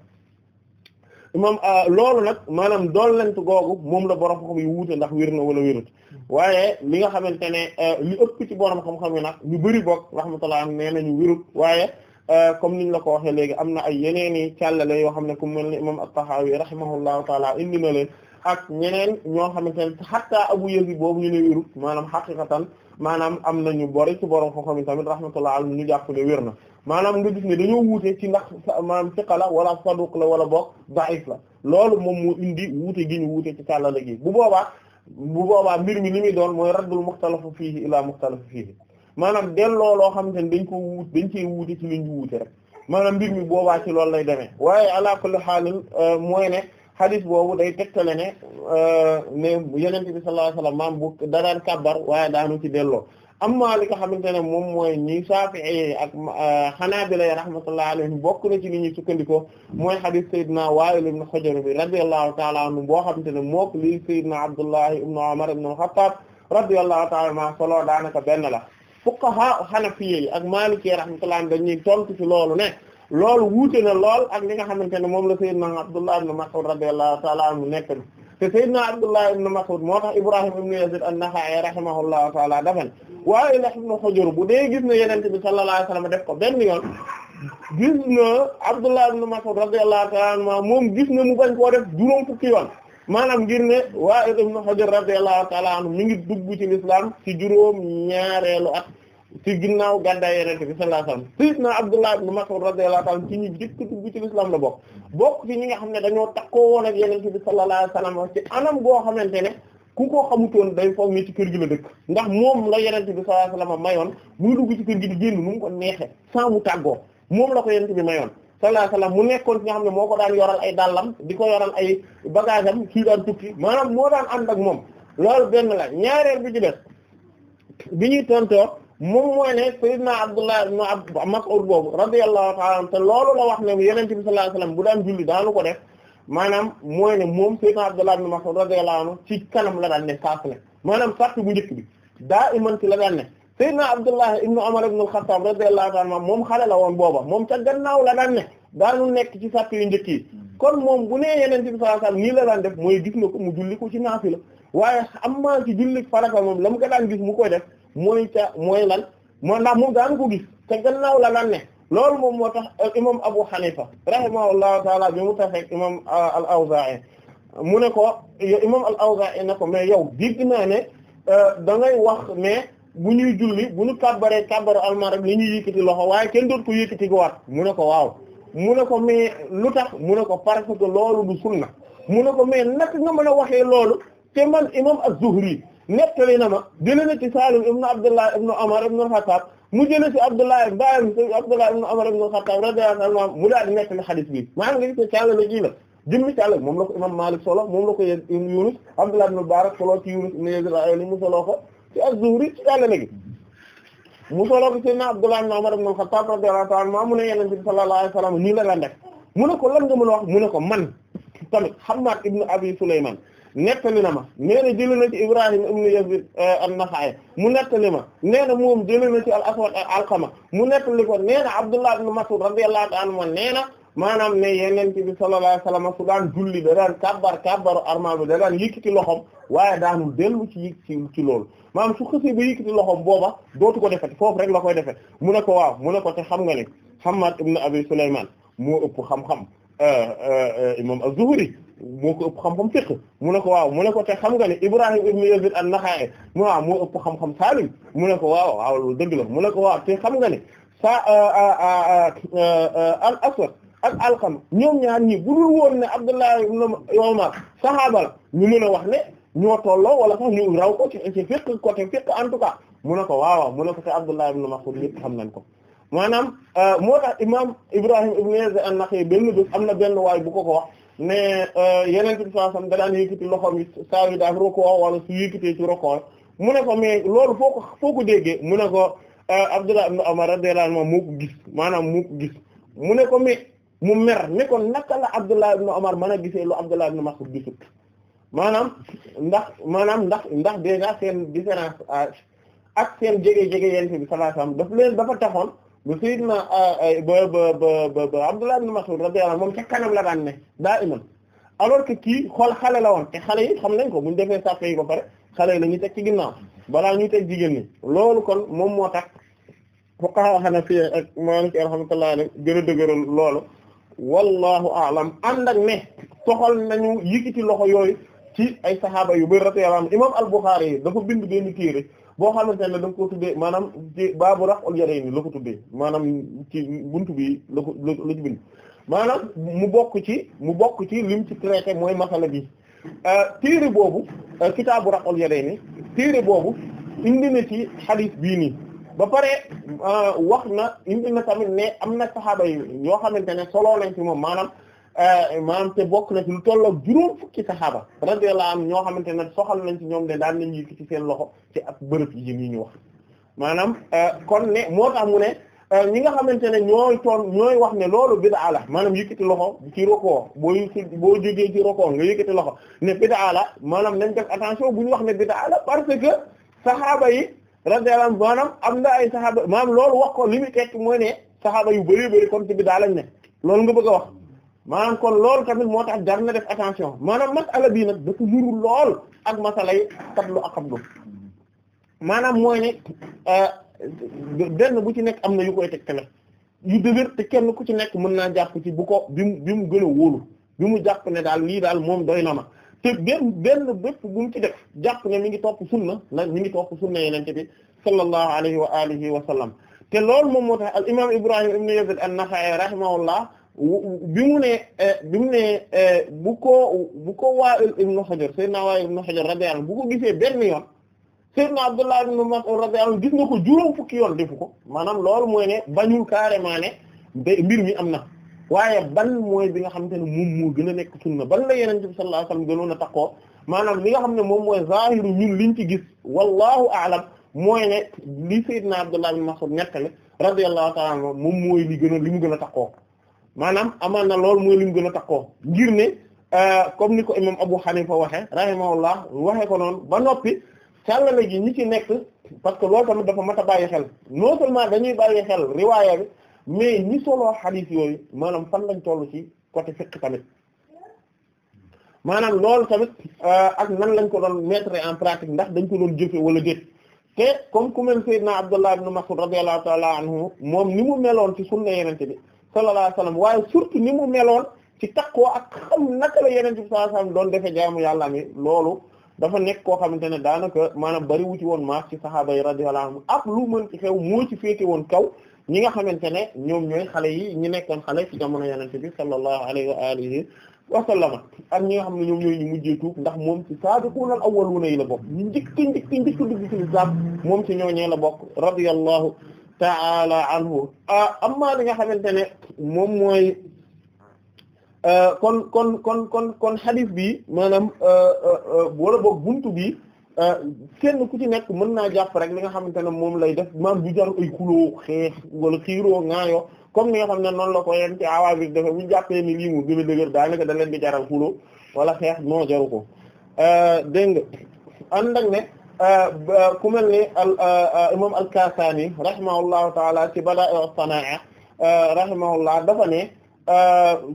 imam ah, loolu nag maanaam doolent googu moom la borom xam-xam yu wuute ndax wér na wala wérut waaye li nga xamante ne eh, li ëpp ci borom xam-xam yi nag ñu bëri bokk rahmatullah nee nañu wérut waaye eh, comme niñ la ko waxee léegi am na ay yeneen i càllale yoo xam ne ku mel ne imam at-Tahawi rahimahullahu taala indi na leen ak ñeneen ñoo xamante ne xataa Abu Yazid boobu ñu ne wérut maanaam xaqiqatan maanaam am nañu bori ci borom xam-xam yi tamit rahmatullah alayhi ñu jàpp ne wér na maanaam nga gis ne dañoo wuute ci ndax maanaam fiqa la wala saduq la wala boog da'if la loolu moom moo indi wuute gi ñu wuute ci la gi bu boobaa bu boobaa mbir mi li muy doon mooy raddul muxtalafu fiihi ilaa muxtalafu fiihi maanaam delloo loo xamante ne dañ ko wuut dañ cee wuute ci liñ ñu wuute rek maanaam mbir mi boobaa ci loolu lay demee waaye ala kulli xaalin euh, mooy ne xadis boobu day tegtale ne euh, ne yenente bi sallallahu alayhi wasallam maam bu daraan kabbar waaye daanu ci delloo amma li nga xamante ne moom mooy ñi Shafi'i ak euh, Hanabila rahmatullahi alayhim bokk na ci li ñuy sukkandikoo mooy xadis Seydina Wa'il ibn Hujr bi radiyallahu ta'ala anhu boo xamante ne mook li Seydina Abdullahi ibn Umar ibn al-Khattab radiyallahu ta'ala anhu solo daanaka benn la fuqaha Hanafiyyi ak Maliki rahmatullahi dañuy tontu ci loolu ne loolu wuute na lool ak li nga xamante ne moom la Seydina Abdullah ibn Mas'ud radiyallahu ta'ala anhu nekk na te Seydina Abdullah ibn Mas'ud moo tax Ibrahim ibn Yazid an-Nakha'i rahimahullahu ta'ala dafa ne waaye ndax ibn bu dee gis na Yonent bi sallallahu alayhi wasallam def ko benn yoon gis na Abdullah ibn Mas'ud radiyallahu ta'ala moom gis na mu bañ koo def juróom fukki yoon maanaam ngir ne waa ibn Hujr radiyallahu ta'ala anhu mi ngi dugg ci l'islam ci juróom ñaareelu at ci ginnaaw gàddaay Yonent bi sallallahu alayhi wasallam sayyidna Abdullah ibn Mas'ud radiyallahu ta'ala ci ñu jëkk dugg ci l'islam la bokk bokk ci ñi nga xam ne dañoo takkoo woon ak Yonent bi sallallahu alayhi ne ku ko xamutoon day foog ci kër gi la dëkk ndax moom la Yonent bi sallallahu alayhi wasallam mayoon muy dugg ci kër gi di génn nu mu ko neexe sans mu tàggoo moom la ko Yonent bi mayoon sallallahu alayhi wasallam mu nekkoon ci nga xam ne moo ko daan yoral ay dàllam di ko yoral ay bagage am kii daan tukki maanaam moo daan ànd ak moom loolu benn la ñaareel bi ci def bi ñuy tontoor moom mooy ne Seydina Abdullah ibn Mas'ud boobu radiyallahu ta'ala anhu te la wax ne Yonent bi sallallahu alayhi wasallam bu daan julli daanu ko def maanaam mooy moom Seydina la daan ne saa su ne maanaam sàrt bu njëkk la daan ne Seydina Abdullah ibn Umar ibn al-Khattab radiyallahu ta'ala anhu moom xale la woon booba moom ca gannaaw la daan nekk ci sàrt yu kon moom bu nee Yonent bi sallallahu alayhi wasallam nii la daan def mooy gis na ko mu julli ko ci naafila waaye am ci julli faraka moom la mu ko daan gis mu koy def mooy ca mooy lan mooy ndax moom daanu ko gis te gannaaw la lan ne loolu moom moo tax euh, imam Abu Hanifa rahimahullahu taala bi mu taxeek imam euh, al-Awza'i mu ne ko imam ne ko mais yow dégg naa ne euh, da ngay wax ne bu ñuy julli bu ñu kàbbaree kàbbaru alman rek li ñuy yëkkati loxo waaye kenn doot ko yëkkati ko waat mu ne ko waaw mu ne ko mais lu tax mu ne ko parce que loolu du sunna mu ne ko mais naka nga mën a waxee loolu te man imam az-Zuhri nettali na ma jëlee na ci Salim ibnu Abdullah ibnu Omar ibnu Khattab mu jëlee ci Abdullah baayam Abdullah ibnu Omar ibnu mu daal di nettali xadis bi maanaam nga gis ne càlla la ji la jëmmi càlla moom la ko imam Malik solo moom la ko Yunus Abdullah ibn Mubarak solo ci Yunus ibn Yazid al-Ayli mu solo ko ci az-Zuhri ci càlla léegi mu solo ko ci na Abdullah ibn Omar ibnu Khattab radiyallahu anhu mu ne Yonent bi sallallahu alayhi mu ne ko lan nga mën a wax mu ne ko man tamit Hammad ibnu Abi Sulayman nettali na ma nee na jëlee na ci Ibrahim ibn Yazid eh, an-Nakha'i mu nettali ma nee na moom jëlee na ci al-Aswad al-Alqama eh, mu nettali ko nee na Abdullah ibn Mas'ud radiyallahu anhu nee na maanaam ne Yonent bi sallallahu alayhi wa sallam su daan julli da daan kabbar kabbaru armal bi da daan yëkkati loxoom waaye daanul dellu ci ci loolu maanaam su xasee ba yëkkati loxoom booba dootu ko defati foofu rek la koy defee mu ne ko waaw mu ne ko te xam nga ne Hammad ibn Abi Sulaymaan moo ëpp xam-xam. Euh, euh, euh, imam az-Zuhri moo ko ëpp xam-xam fiqh mu ne ko waaw mu ne ko te xam nga ne Ibrahim ibn Yazid an-Nakha'i mu waaw moo ëpp xam-xam saalim mu ne ko waaw waaw loolu dëgg la mu ne ko waaw te xam nga ne sa al-Aswad ak Alqama ñoom ñaar ñi bu dul woon ne Abdullah ibn Umar saxaaba la ñu mën a wax ne ñoo tolloo wala sax ñu raw ko ci ci fiqh côté fiqh en tout cas mu ne ko waaw mu ne ko te Abdullah ibn Mas'ud lépp xam nañ ko maanaam euh, moo tax imaam Ibrahim ibn Yazid an-Nakha'i benn am na benn waay bu ko ko wax ne euh, yeneen bi sallallahu alayhi wasallam da daan yëkkati loxoom yi saa yu daan rokoo wala su yëkkatee ci rokoo mu ne ko mais loolu foo ko foo ko déggee mu ne ko euh, Abdullah ibn Umar a anhu moo ko gis maanaam moo ko gis mu ne ko mais mu mer ne ko naka la Abdullah ibn Umar mën a gisee lu Abdullah ibn Mas'ud gisut maanaam ndax maanaam ndax ndax déjà seen différence ak seen jege jege yeneen bi sallallahu alayhi wasallam daf leen dafa taxoon. Euh, euh, ba Seydina ba ba ba ba Abdullah ibn Mas'ud radiyallahu anhu moom ca kanam la daan ne daa iman alors que kii xool xale la woon te xale yi xam nañ ko bu ñu defee sàppe yi ba pare xale yi la ñuy teg ci ginnaaw balaa ñuy teg jigéen ñi loolu kon moom moo tax fuqaha Hanafi ak Maliki rahmatullahi alayhi gën a dëgëral loolu wallahu a'lam ànd ak ne soxal nañu yëkkati loxo yooyu ci ay saxaaba yu bari radiyallahu anhu imam al-Bukhari dafa bind benn téere boo xamante ne da nga ko tuddee maanaam ci baabu raf'ul yadayni la ko tuddee maanaam ci bunt bi la ko la ci maanaam mu bokk ci mu bokk ci lim ci traité mooy masala bi euh, téere boobu euh, kitaabu raf'ul yadayni téere boobu indi na ci hadith bii nii ba pare euh, wax na indi na tamit ne am na saxaaba yi ñoo xamante ne solo lañ ci moom maanaam Euh, maanaam te bokk na ci lu tolloog juróom fukki saxaaba radiyallahu anhum ñoo xamante ne soxal nañ ci ñoom de daan nañ yëkkati seen loxo ci ak bërëb yi ñu wax maanaam euh, kon ne moo tax mu ne euh, ñi nga xamante ne ñooy toon ñooy wax ne loolu bid'a la maanaam yëkkati loxo ci roko boo boo jógee ci roko nga yëkkati loxo ne bid'a la maanaam nañ def attention bu ñu wax ne bid'a la parce que saxaaba yi radiyallahu anhum maanaam am na yi saxaaba maanaam loolu wax ko li mu tekk mooy ne saxaaba yu bari bari kon ci bid'a lañ ne loolu nga bëgg wax. maanaam kon loolu tamit moo tax jar na def attention maanaam masala bii nag dafa nuru lool ak masala yi xablu ak xablu maanaam mooy ne euh, benn bu ci nekk am na yu koy teg tamit yu dëgër te kenn ku ci nekk mën naa jàpp ci bu ko bi mu bi mu gën a wóolu bi mu jàpp ne daal lii daal moom doy na ma te benn benn bu mu ci def jàpp ne mi ngi topp sunna la mi ngi topp sunna yeneen bi sallallahu alayhi wa alihi wa sallam te loolu moom moo tax al imam Ibrahim ibn Yazid an bi mu ne eh, bi mu ne eh, bu ko bu ko Wa'il ibn Hajar Seydina Wa'il ibn Hajar radiyallahu anhu bu ko gisee benn yoon Seydina Abdullah ibn Mas'ud radiyallahu anhu gis na ko juróom fukki yoon defu ko maanaam loolu mooy ne bañul carrément ne mbir mi am na waaye ban mooy bi nga xamante ne moom gën a nekk sunna ban la Yonent bi sallallahu alayhi wasallam na a takkoo maanaam li nga xam ne moom mooy zahiru ñun liñ ci gis wallahu a'lam mooy ne li Seydina Abdullah ibn Mas'ud nettali radiyallahu ta'ala anhu moom mooy li gën li mu gën a takkoo maanaam amaan na lool mooy lim gën a takkoo ngir ne euh, comme ni ko imam Abu Hanifa waxee rahimahullah waxee ko noonu ba noppi càllale ji ñi ci nekk parce que loolu tamit dafa mat a bàyyi xel non seulement dañuy bàyyi xel riwaaya bi mais ñi soloo xadiis yooyu maanaam fan lañ toll ci côté fiqh tamit maanaam loolu tamit euh, ak nan lañ ko doon mettre en pratique ndax dañ ko doon jëfe wala déet te comme ku mel Seydina Abdullah ibn Mas'ud radiyallahu ta'ala anhu moom ni mu meloon ci sunna yenente bi sallallahu alayhi wasallam waaye surtout ni mu meloon ci taqwa ak xam naka la yeneen bi sallallahu alayhi wasallam doon defee jaamu yàlla mi loolu dafa nekk koo xamante ne daanaka maanaam bariwu ci woon ma ci saxaaba yi radiyallahu anhum ak lu mën ci xew moo ci féete woon kaw ñi nga xamante ne ñoom ñooy xale yi ñi nekkoon xale ci jamono yenente bi sallallahu alayhi wa alihi wa sallama ak ñi nga xam ne ñoom ñooy ñu mujjee tuub ndax moom ci saabiquunal awwaluuna yi la bokk ñu njëkk njëkk njëkk dugg ci lislaam moom ci ñooñee la bokk radiyallahu ta'ala anhu ah, amma li nga xamante ne moom mooy ah, kon kon kon kon kon xadis bi maanaam ah, wala boog buntu bi kenn ku ci nekk mën naa jàpp rek li nga xamante ne moom lay def maam du jar ay xuloo xeex wala xiiroo ŋaayo comme ni nga xam la ko yem ci awaa bi bu jàppee ni lii mu gën a da leen di jaral xuloo wala xeex non jaru ko dégg nga ànd ne Euh, ku mel ni euh, euh, imam al-Kasani rahimahullahu taala ci e Badaa'u Sanaa'a rahimahullah dafa ne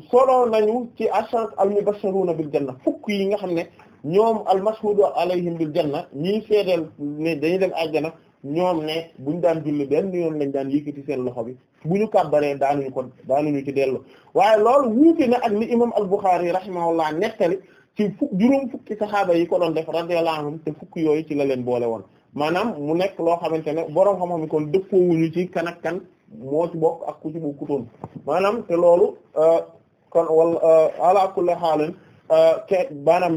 solo nañu ci ashar al-mubashsharuna bil janna fukk yi nga xam ne ñoom al-mashhudu alayhim bil janna ñii seedeel ne dañuy dem àjjana ñoom ne buñ daan julli benn yoon lañ daan yëkkati seen loxo bi bu ñu kàbbaree daanuñu ko daanuñu ci dellu waaye loolu wuute na ak li imam al-Bukhari rahimahullah nettali ci fukk juróom fukki saxaaba yi ko doon def radiyallahu anhum te fukk yooyu ci la leen boole woon maanaam mu nekk loo xamante ne boroom xam-xam yi kon dëppoowuñu ci kan ak kan moo ci bokk ak ku ci bokkutoon maanaam te loolu euh, kon wala euh, ala kulli xaalin euh, te maanaam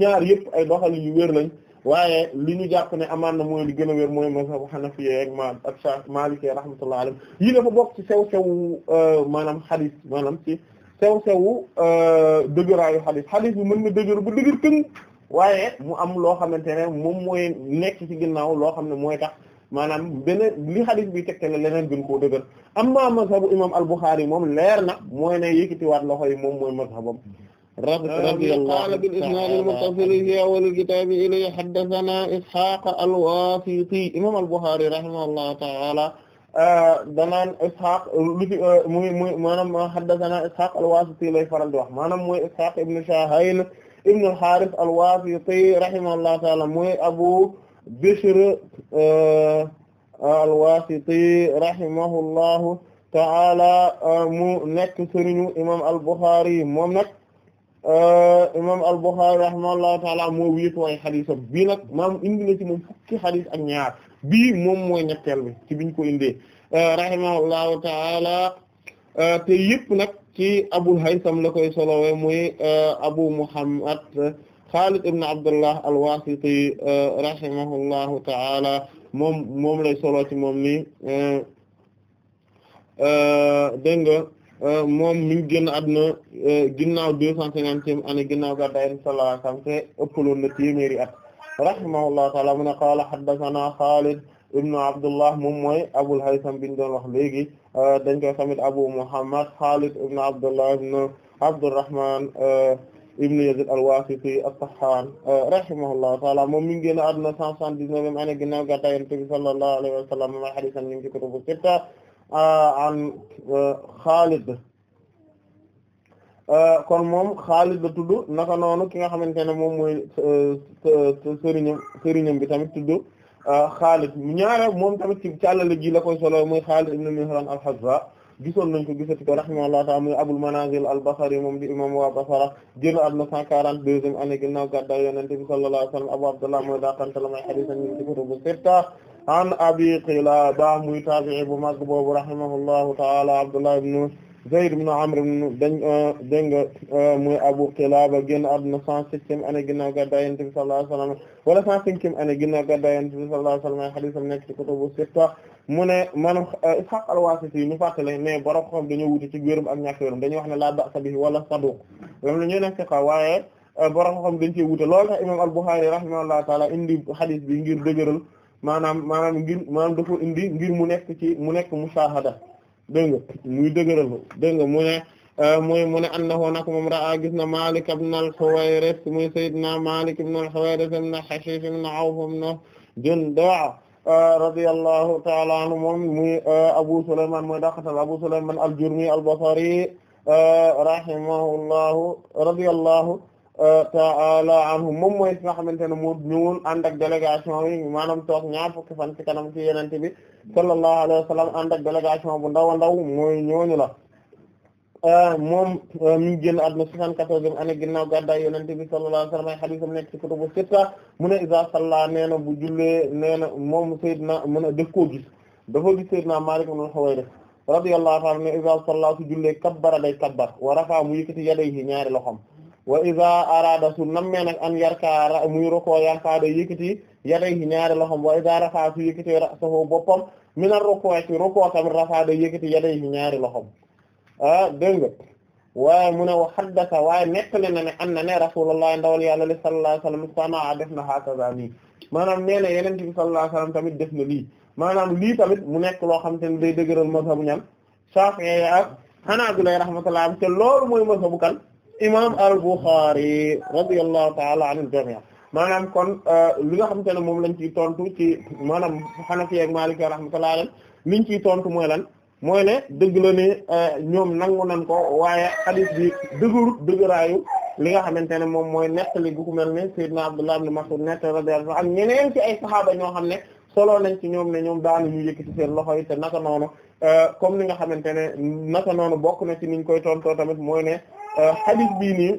ñaar yëpp ay doxalin yu wér lañ waaye li ñu jàpp ne amaan na mooy li gën a wér mooy mazhabu Hanafi ak ma ak Maliki rahmatullahi alayhi yi dafa bokk ci sew sew maanaam xadis maanaam ci. sew-sewu euh, dëgëraayu xadis xadis bi mën na dëgër bu dëgër këng waaye mu am loo xamante ne moom mooy nekk ci ginnaaw loo xam ne mooy tax maanaam beneen li xadis bi tegtale leneen gën koo dëgër amma mazhabu imam al-Bukhari moom leer na mooy ne yëkkatiwaat loxo yi moom mooy mazhabam radiyallahu bil isnad al-muttasil fi awwal al-kitab ilay haddathana Ishaq al-Wasiti imam al-Bukhari rahimahullahu ta'ala danaan Ishaq lu ci euh, muy muy maanaam haddathana Ishaq al-Wasiti lay faral di wax maanaam mooy Ishaq ibn Shahayl ibn al-Harith al-Wasiti rahimahullahu ta'ala mooy Abu Bishr euh, al-Wasiti rahimahullahu ta'ala euh, mu nekk sëriñu imam al-Bukhari moom nag imam al-Bukhari rahimahullahu ta'ala moo wéetoo ay xadiisam bii nag maam indi na ci moom fukki xadiis ak ñaar bii moom mooy ñetteel bi ci biñ ko indee euh, rahimahullahu taala euh, te yëpp nag ci abu Haytham la koy solowee muy euh, Abu Muhammad Khalid ibn Abdullah al-Wasiti rahimahullahu taala moom moom solo ci moom nii dégg nga moom mi ngi génn àdduna ginnaaw deux cent cinquantième année ginnaaw gàddaay Rasulullah na téeméeri at rahimahullahu taala mu ne qaala haddathana Xaalid ibnu Abdullah moom mooy Abul Haytham bi ñu doon wax léegi dañ koy tamit Abu Muhammad Xaalid ibnu Abdullah ibnu Abdurrahman eh, ibnu Yazid al-Wasiti as-Saxaan eh, rahimahullahu taala moom mi ngi génn àdduna cent soixante-dix-neuvième année ginnaaw gàddaay Yonent bi sallallahu alayhi wa sallam ma hadiisam ñu ngi ci kutubu sitta eh, an Xaalid Euh, kon moom Xaalid la tudd naka noonu ki nga xamante ne moom mooy euh, sëriñam sëriñam bi tamit tudd euh, Xaalid ñaare moom tamit ci càllale gi la koy solo mooy Xaalid ibn Mihran al-Hazza gisoon nañ ko gisati ko rahimahullahu ta'ala muy Abul Manazil al-Basri moom di imam waa Basra génn àdduna 142e année ginnaaw gàddaay Yonent bi sallallahu alayhi wa sallam Abu Abdullah mooy daaqante la may hadiis ñu ci kutubu sitta an Abi Qilaba muy taabi'i bu mag boobu rahimahullahu ta'ala Abdullah ibn Zayd ibn Amr dañ euh, dégg nga euh, muy Abu Qilaaba génn àdduna cent septième année ginnaaw gàddaay Yonent bi sallallahu alayhi wa sallam wala cent cinquième bi wa sallam ay hadiisam nekk ci kutubu sitta mu ne maanaam euh, Ishaq al-Wasiti yi ñu fàttale mais borom xam dañoo wuti ci wérum ak ñàkk wérum dañuy wax ne laa ba'sa bihi wala saduq loolu la ñuy nekk siqa waaye borom xam dañ cee wute loolu tax imaam al-Bukhari rahimahullahu ta'ala indi hadis bi ngir dëgëral maanaam maanaam ngir maanaam ngir mu nekk ci mu nekk mushahada dégg nga muy dëgëral ko dégg nga mu ne euh, muy mu ne annahu nak moom ra'a gis na Malik ibn al-Huwayrith muy sayyidina Malik ibn al-Huwayrith ibn Hashish ibn Awf ibn Jundu' euh, radiyallahu ta'ala anhu moom muy euh, Abu Sulayman mooy daqatal Abu Sulayman al-Jurmi al-Basri rahimahullahu radiyallahu ta'ala anhu moom mooy ki nga xamante ne moo ñëwoon ànd ak délégation yi maanaam toog ñaar fukki fan ci kanam ci yenente bi sallallahu alayhi wa sallam ak délégation bu ndaw a ndaw mooy ñooñu la moom mi ngi génn àdduna soixante-quatorzième année ginnaaw gàddaay yonent bi sallallahu alayhi wa sallam ay hadiisam nekk ci kutubu sitta mu ne iza salla nee na bu jullee nee na moom Seydina mu ne def koo gis dafa gis Seydina Maalik ibn Huwayrith radiyallahu ta'ala ne jullee kabbara day kabbar ñaari loxom wa iza arada su nammee nag an yarkaara muy rukoo yarkaa da yëkkati yadayhi ñaari loxom wa iza rafa su yëkkati ra'sahu boppam mina rukoo da yëkkati yadayhi ñaari loxom ah dégg nga na ne an na ne rasulullah ndawal yàlla li sallallahu alayhi wasallam sanaa def na hakaza nii maanaam tamit def na lii maanaam lii tamit mu nekk loo xam te ne day dëgëral mazhabu ñan Shafi'i ak Hanabila rahmatullah te loolu mooy mazhabu kan imam al-Bukhari radiyallahu ta'ala anil jami' maanaam kon euh, li nga xamante ne moom lañ ciy tontu ci maanaam Hanafi ak Maliki rahmatullahi alayhi liñ ciy tontu mooy lan mooy ne dëgg la euh, ñoom nangu nañ ko waaye hadith bi dëgërut dëgëraayu li nga xamante ne moom mooy nettali gu ko mel ne Seydina Abdullah ibn Mas'ud nett radiyallahu anhu ñeneen ci ay saxaaba ñoo xam ne solo nañ ci ñoom ne ñoom daanu ñu yëkkati seen loxo yi te naka noonu euh, comme li nga xamante ne naka noonu bokk na ci niñ koy tontoo tamit mooy xadis euh, bii nii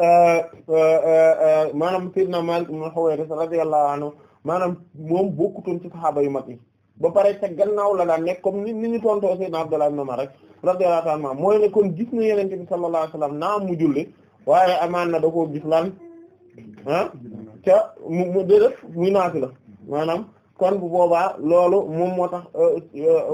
euh, euh, maanaam sayyidna na ibn Huwayris radiyallahu anhu maanaam moom bokkutoon ci saxaaba yu mag yi ba pare ca gannaaw la daan nekk comme ni ñu tontoo sayyidna Abdullah ibn rek radiyallahu anhu mooy ne kon gis na Yonent bi sallallahu mu julli waaye amaan na da koo gis lan ah ca mu mu def muy naati la maanaam kon bu boobaa loolu moom moo tax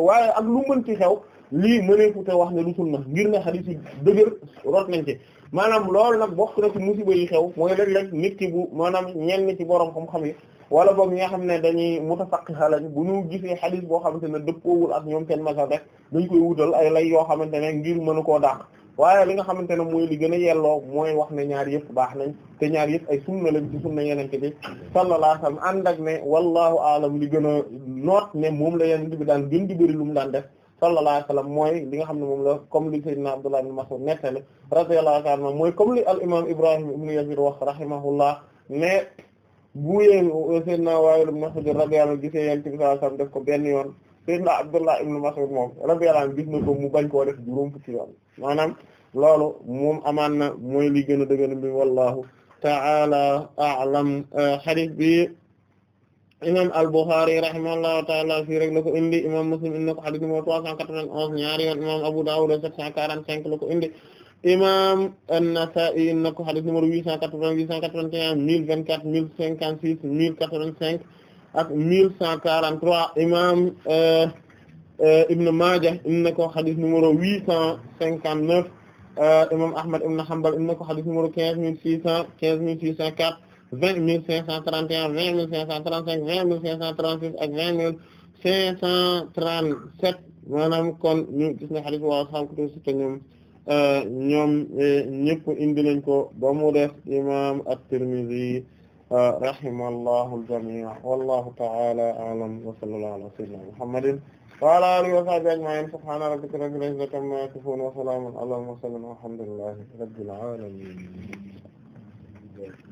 waaye ak lu mën xew lii mëneefu te wax ne lu sunna ngir ne xadis yi dëgër rot nañ ci maanaam lool nag bokk na ci musiba yi xew mooy léeg-léeg ki bu maanaam ñenn ci borom xam-xam yi wala boog ñi nga xam ne dañuy mutafaqiha lañ bu ñu gisee xadis boo xamante ne dëppoowul ak ñoom seen mazhab rek dañ koy wutal ay lay yoo xamante ne ngir mënu koo dàq waaye li nga xamante ne mooy li gën a yelloo mooy wax ne ñaar yëpp baax nañ te ñaar yëpp ay sunna lañ ci sunna yenente bi sallallahu alayhi wasallam ànd ak ne wallahu aalam li gën a noot ne moom la yenente bi daan gën di bëri lu mu daan def sallallahu alayhi wa sallam mooy li nga xam ne moom la comme li sayyidina Abdullah ibn Mas'ud nettali radiyallahu ta'ala mooy comme li al imam Ibrahim ibn Yazid wax rahimahullah ne bu yéen sayyidina Wa'il ibn Hujr radiyallahu anhu gisee yonent bi sallallahu alayhi wa sallam def ko benn yoon sayyidina Abdullah ibn Mas'ud moom radiyallahu anhu gis na mu bañ koo def juróom fukki yoon maanaam loolu moom amaan na mooy li gën a dëgg bi wallahu ta'ala a'lam euh, hadith bi imam al-Bukhari rahimahullahu taala fii rek la ko indi imam Muslim indi na ko hadith numéro 391 ñaari yoon imam Abu Dawud 745 la ko indi imam an-Nasa'i indi na ko hadith numéro 880 881 1024 1056 1085 ak 1143 imam euh, euh, Ibn Majah indi na ko hadith numéro 859 euh, imam Ahmad ibn Hanbal indi na ko hadith numéro 15600 15604 vingt mille cinq cent trente et un vingt mille cinq cent trente cinq vingt mille cinq cent trente six ak vingt mille cinq cent trente sept maanaam kon ñu gis na hadith wa ashaabu kutubi sitta ñoom euh, ñoom eh, ñëpp indi nañ ko ba mu def imam at-Tirmidhi euh, rahimahullahu al-jami' wallahu ta'ala a'lam wa sallallahu ala sayyidina Muhammadin wa ala alihi wa sahbihi ajma'in subhana rabbika rabbil izzati amma yasifun wa salamun ala al-mursalin walhamdulillahi rabbil alamin